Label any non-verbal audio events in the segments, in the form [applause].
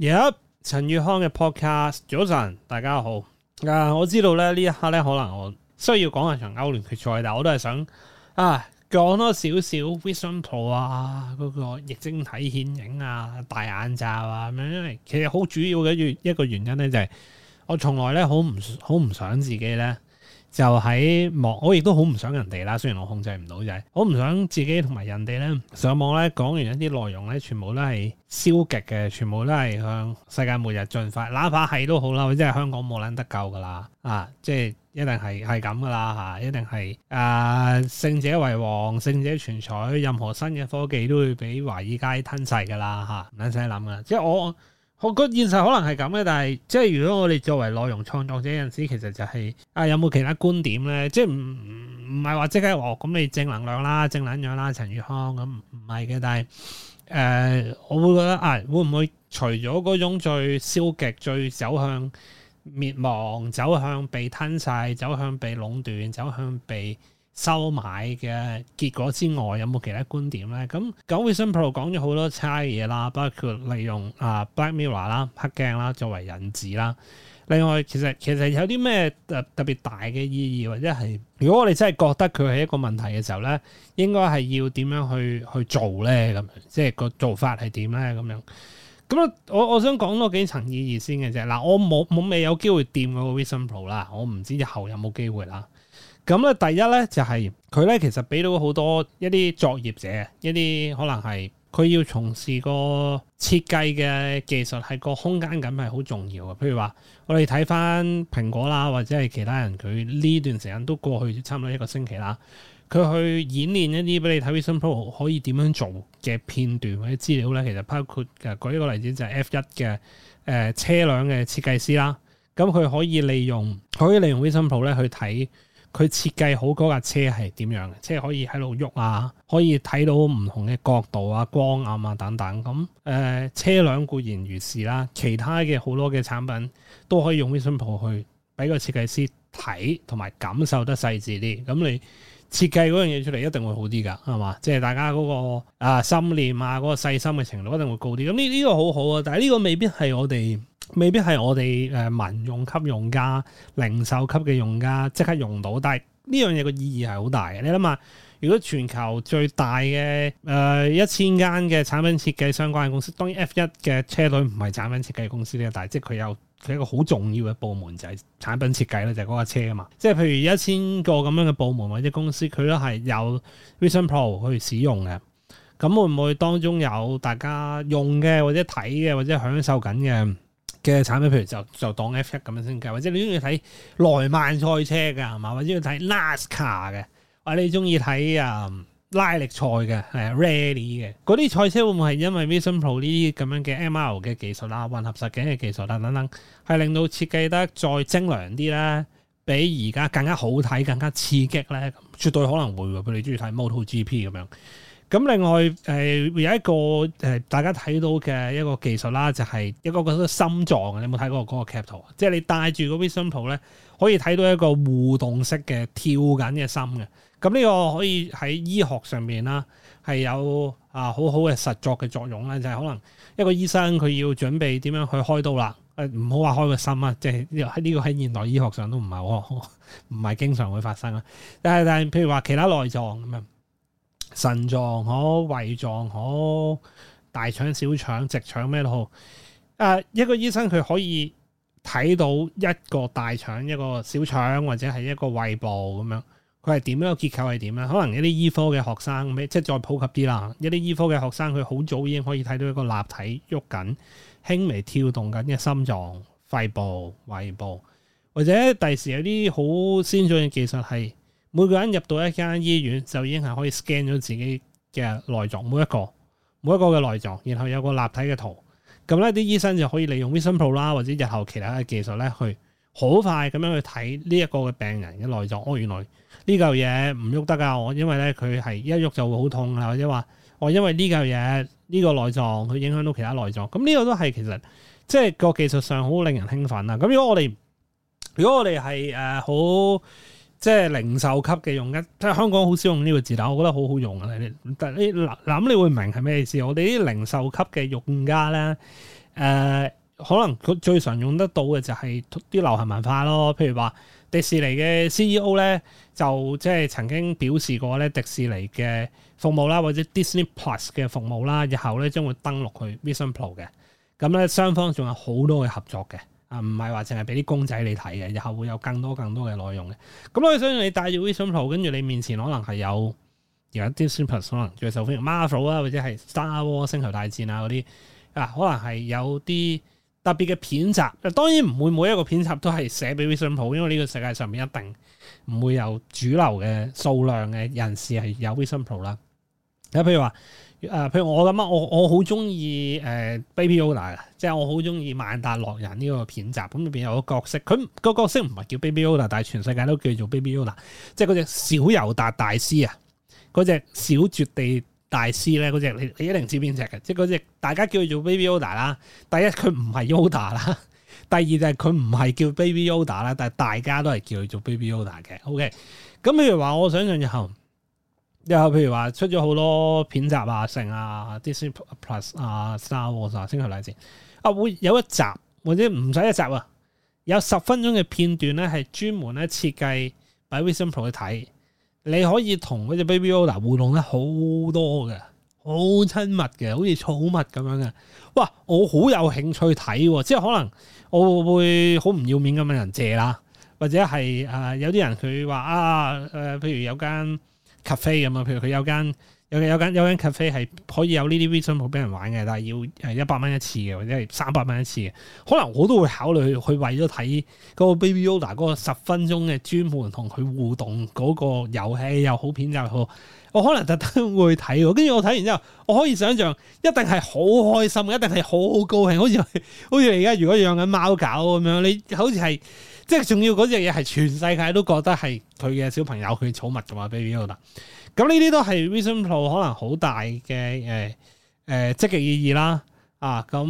而家陳宇康嘅 podcast 早晨，大家好。啊，我知道咧呢一刻咧，可能我需要講一場歐聯決賽，但我都係想啊，講多少少 Vision Pro 啊，嗰、啊那個液晶體顯影啊，大眼罩啊咁樣，因為其實好主要嘅一一個原因咧，就係、是、我從來咧好唔好唔想自己咧。就喺網，我亦都好唔想人哋啦。雖然我控制唔到，就係好唔想自己同埋人哋咧上網咧講完一啲內容咧，全部都係消極嘅，全部都係向世界末日進發。哪怕係都好啦，即係香港冇撚得救噶啦，啊，即係一定係係咁噶啦嚇，一定係誒勝者為王，勝者全彩。任何新嘅科技都會俾華爾街吞噬噶啦嚇，唔撚使諗噶。即係我。我覺得現實可能係咁嘅，但係即係如果我哋作為內容創作者陣時，其實就係、是、啊，有冇其他觀點咧？即係唔唔唔係話即刻話哦，咁你正能量啦、正能量啦、陳宇康咁唔係嘅。但係誒、呃，我會覺得啊，會唔會除咗嗰種最消極、最走向滅亡、走向被吞晒、走向被壟斷、走向被收買嘅結果之外，有冇其他觀點咧？咁九 Vision Pro 講咗好多差嘢啦，包括利用啊、呃、Black Mirror 啦、黑鏡啦作為引子啦。另外，其實其實有啲咩特特別大嘅意義，或者係如果我哋真係覺得佢係一個問題嘅時候咧，應該係要點樣去去做咧？咁樣即係個做法係點咧？咁樣咁我我想講多幾層意義先嘅啫。嗱，我冇冇未有機會掂嗰個 Vision Pro 啦，我唔知日後有冇機會啦。咁咧，第一咧就係佢咧，其實俾到好多一啲作業者，一啲可能係佢要從事個設計嘅技術，係個空間感係好重要嘅。譬如話，我哋睇翻蘋果啦，或者係其他人，佢呢段時間都過去差唔多一個星期啦。佢去演練一啲俾你睇，Vision Pro 可以點樣做嘅片段或者資料咧，其實包括嘅舉一個例子就係 F1 嘅誒車輛嘅設計師啦。咁、嗯、佢可以利用佢可以利用 Vision Pro 咧去睇。佢設計好嗰架車係點樣嘅？車可以喺度喐啊，可以睇到唔同嘅角度啊、光暗啊等等。咁誒、呃，車輛固然如是啦，其他嘅好多嘅產品都可以用 Vision Pro 去俾個設計師睇同埋感受得細緻啲。咁你設計嗰樣嘢出嚟一定會好啲㗎，係嘛？即、就、係、是、大家嗰個啊心念啊嗰、那個細心嘅程度一定會高啲。咁呢呢個好好啊，但係呢個未必係我哋。未必係我哋誒民用級用家、零售級嘅用家即刻用到，但係呢樣嘢個意義係好大嘅。你諗下，如果全球最大嘅誒一千間嘅產品設計相關嘅公司，當然 F1 嘅車隊唔係產品設計公司呢。但係即係佢有佢一個好重要嘅部門就係、是、產品設計啦，就係嗰架車啊嘛。即係譬如一千個咁樣嘅部門或者公司，佢都係有 Vision Pro 去使用嘅。咁會唔會當中有大家用嘅，或者睇嘅，或者享受緊嘅？嘅產品，譬如就就當 F 一咁樣先計，或者你中意睇耐曼賽車嘅係嘛？或者要睇 NASCAR 嘅，或者你中意睇啊拉力賽嘅，係啊 rally 嘅嗰啲賽車，會唔會係因為 Vision Pro 呢啲咁樣嘅 ML 嘅技術啦、混合實景嘅技術啦等等，係令到設計得再精良啲咧，比而家更加好睇、更加刺激咧，絕對可能會，譬如你中意睇 Motogp 咁樣。咁另外，誒、呃、有一個誒大家睇到嘅一個技術啦，就係、是、一個叫做心臟嘅，你有冇睇過嗰個 cap 圖啊？即係你戴住個 Vision Pro 咧，可以睇到一個互動式嘅跳緊嘅心嘅。咁呢個可以喺醫學上面啦，係有啊好好嘅實作嘅作用啦。就係、是、可能一個醫生佢要準備點樣去開刀啦。誒唔好話開個心啊，即係呢個喺現代醫學上都唔係好，唔 [laughs] 係經常會發生啦。但係但係譬如話其他內臟咁啊。腎臟好，胃臟好，大腸、小腸、直腸咩都好。誒、呃，一個醫生佢可以睇到一個大腸、一個小腸或者係一個胃部咁樣，佢係點樣一個結構係點咧？可能一啲醫科嘅學生，咩即係再普及啲啦。一啲醫科嘅學生佢好早已經可以睇到一個立體喐緊、輕微跳動緊嘅心臟、肺部、胃部，或者第時有啲好先進嘅技術係。每個人入到一間醫院，就已經係可以 scan 咗自己嘅內臟，每一個每一個嘅內臟，然後有個立體嘅圖。咁咧，啲醫生就可以利用 Vision Pro 啦，或者日後其他嘅技術咧，去好快咁樣去睇呢一個嘅病人嘅內臟。哦，原來呢嚿嘢唔喐得㗎！我因為咧佢係一喐就會好痛啊，或者話我、哦、因為呢嚿嘢呢個內臟佢影響到其他內臟。咁呢個都係其實即係、就是、個技術上好令人興奮啊！咁如果我哋如果我哋係誒好。呃即係零售級嘅用家，即係香港好少用呢個字，但我覺得好好用嘅。但係你諗，你，你會唔明係咩意思？我哋啲零售級嘅用家咧，誒、呃，可能佢最常用得到嘅就係啲流行文化咯。譬如話迪士尼嘅 CEO 咧，就即係曾經表示過咧，迪士尼嘅服務啦，或者 Disney Plus 嘅服務啦，以後咧將會登陸去 Vision Pro 嘅。咁咧，雙方仲有好多嘅合作嘅。啊，唔係話淨係俾啲公仔你睇嘅，然後會有更多更多嘅內容嘅。咁、嗯、我哋相信你帶住 Vision Pro，跟住你面前可能係有而家啲 Super 可能最受歡迎 Marvel 啊，或者係 Star Wars 星球大戰啊嗰啲啊，可能係有啲特別嘅片集。啊、當然唔會每一個片集都係寫俾 Vision Pro，因為呢個世界上面一定唔會有主流嘅數量嘅人士係有 Vision Pro 啦。啊，譬如話。誒，譬、呃、如我諗啊，我我好中意誒 Baby Yoda 嘅，即係我好中意《萬達樂人》呢個片集，咁入邊有角、嗰個角色，佢個角色唔係叫 Baby Yoda，但係全世界都叫做 Baby Yoda，即係嗰隻小尤達大師啊，嗰隻小絕地大師咧，嗰隻你你一定知邊隻嘅，即係嗰隻大家叫佢做 Baby Yoda 啦。第一佢唔係 Yoda 啦，oda，第二就係佢唔係叫 Baby Yoda 啦，但係大家都係叫佢做 Baby Yoda 嘅。OK，咁譬如話，我想象以後。又譬如話出咗好多片集啊、剩啊、Disney Plus 啊、Star Wars 啊、星球大戰啊，會有一集或者唔使一集啊，有十分鐘嘅片段咧，係專門咧設計俾 Vision Pro 去睇。你可以同嗰隻 Baby Yoda 互動咧，好多嘅，好親密嘅，好似寵物咁樣嘅。哇！我好有興趣睇、啊，即係可能我會好唔要面咁問人借啦，或者係啊、呃、有啲人佢話啊，誒、呃，譬如有間。cafe 咁啊，譬如佢有間有間有間 cafe 係可以有呢啲微信號俾人玩嘅，但係要係一百蚊一次嘅，或者係三百蚊一次嘅。可能我都會考慮去為咗睇嗰個 Baby Yoda，嗰個十分鐘嘅專門同佢互動嗰個遊戲又好片又好，我可能特登會睇。跟住我睇完之後，我可以想像一定係好開心，一定係好高興，好似好似而家如果養緊貓狗咁樣，你好似係。即係重要嗰隻嘢係全世界都覺得係佢嘅小朋友，佢嘅寵物噶嘛，Baby Yoda 啦。咁呢啲都係 Vision Pro 可能好大嘅誒誒積極意義啦。啊，咁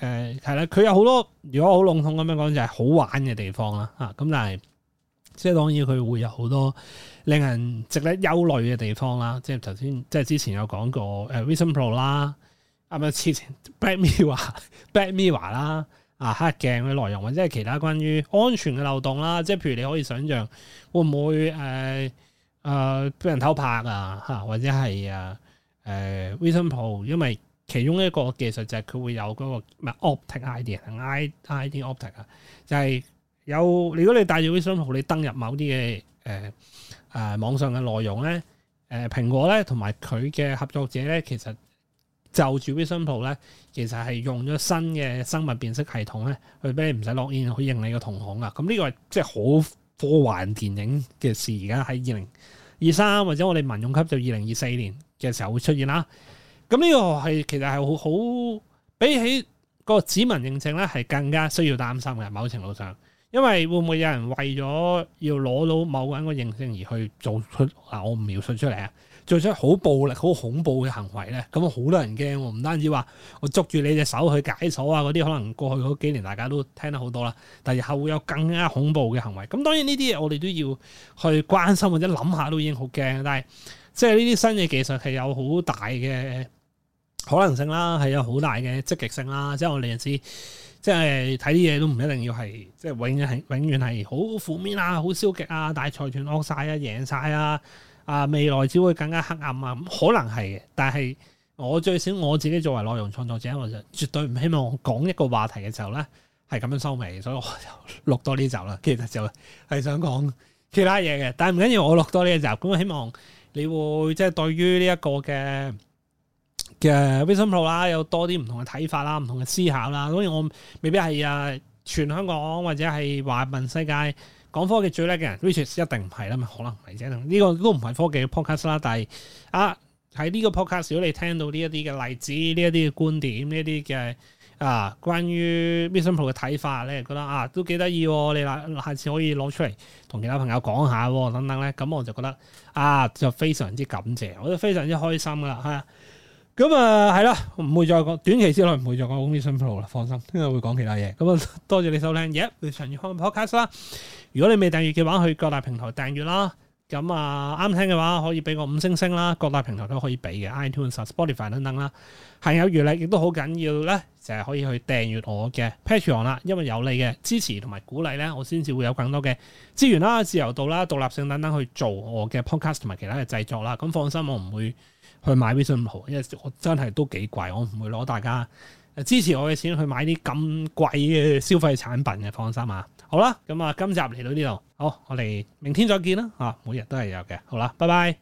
誒係啦，佢、嗯嗯、有好多如果好籠統咁樣講就係、是、好玩嘅地方啦。啊，咁但係即係當然佢會有好多令人值得憂慮嘅地方啦。即係頭先即係之前有講過誒 Vision、呃、Pro 啦，啱唔係之前 Black Mirror Black Mirror 啦。啊，黑鏡嘅內容或者係其他關於安全嘅漏洞啦，即係譬如你可以想象會唔會誒誒、呃呃、俾人偷拍啊嚇，或者係誒誒 Vision Pro，呃 v、ol, 因為其中一個技術就係佢會有嗰、那個咩 Optic ID 啊，ID ID Optic 啊，就係有如果你帶住 Vision Pro，ol, 你登入某啲嘅誒誒網上嘅內容咧，誒、呃、蘋果咧同埋佢嘅合作者咧，其實。就住呢間鋪咧，ple, 其實係用咗新嘅生物辨識系統咧，去俾你唔使落印去認你、這個瞳孔啊！咁呢個係即係好科幻電影嘅事，而家喺二零二三或者我哋民用級就二零二四年嘅時候會出現啦。咁、這、呢個係其實係好好比起個指紋認證咧，係更加需要擔心嘅。某程度上，因為會唔會有人為咗要攞到某個人個認證而去做出啊？我唔描述出嚟啊！做出好暴力、好恐怖嘅行為咧，咁好多人驚。唔單止話我捉住你隻手去解鎖啊，嗰啲可能過去嗰幾年大家都聽得好多啦。但係日後會有更加恐怖嘅行為。咁當然呢啲嘢我哋都要去關心或者諗下都已經好驚。但係即係呢啲新嘅技術係有好大嘅可能性啦，係有好大嘅積極性啦。即係我哋就知，即係睇啲嘢都唔一定要係即係永遠係永遠係好負面啊、好消極啊、大財團惡晒啊、贏晒啊。啊！未來只會更加黑暗啊！可能係嘅，但係我最少我自己作為內容創作者，我就絕對唔希望講一個話題嘅時候咧，係咁樣收尾，所以我就錄多呢集啦。其實就係想講其他嘢嘅，但係唔緊要，我錄多呢集咁，我希望你會即係、就是、對於呢一個嘅嘅 Vision Pro 啦，有多啲唔同嘅睇法啦、唔同嘅思考啦。所以我未必係啊全香港或者係華文世界，講科技最叻嘅人，Richard 一定唔係啦嘛，可能唔係啫。呢、呢個都唔係科技嘅 podcast 啦，但係啊喺呢個 podcast，如果你聽到呢一啲嘅例子、呢一啲嘅觀點、呢一啲嘅啊關於 Missimpro 嘅睇法，你又覺得啊都幾得意，你話下次可以攞出嚟同其他朋友講下等等咧，咁我就覺得啊就非常之感謝，我都非常之開心噶啦吓。啊咁啊，係啦、嗯，唔會再講短期之內唔會再講 very simple 啦，放心，聽日會講其他嘢。咁、嗯、啊，多謝你收聽 Yep，你常月開 podcast 啦。如果你未訂閱嘅話，去各大平台訂閱啦。咁、嗯、啊，啱聽嘅話可以俾個五星星啦，各大平台都可以俾嘅，iTunes、啊、Spotify 等等啦。行有餘力，亦都好緊要咧，就係可以去訂閱我嘅 patreon 啦，因為有你嘅支持同埋鼓勵咧，我先至會有更多嘅資源啦、自由度啦、獨立性等等去做我嘅 podcast 同埋其他嘅製作啦。咁放心，我唔會。去買微信號，因為我真係都幾貴，我唔會攞大家支持我嘅錢去買啲咁貴嘅消費產品嘅，放心啊！好啦，咁啊，今集嚟到呢度，好，我哋明天再見啦嚇，每日都係有嘅，好啦，拜拜。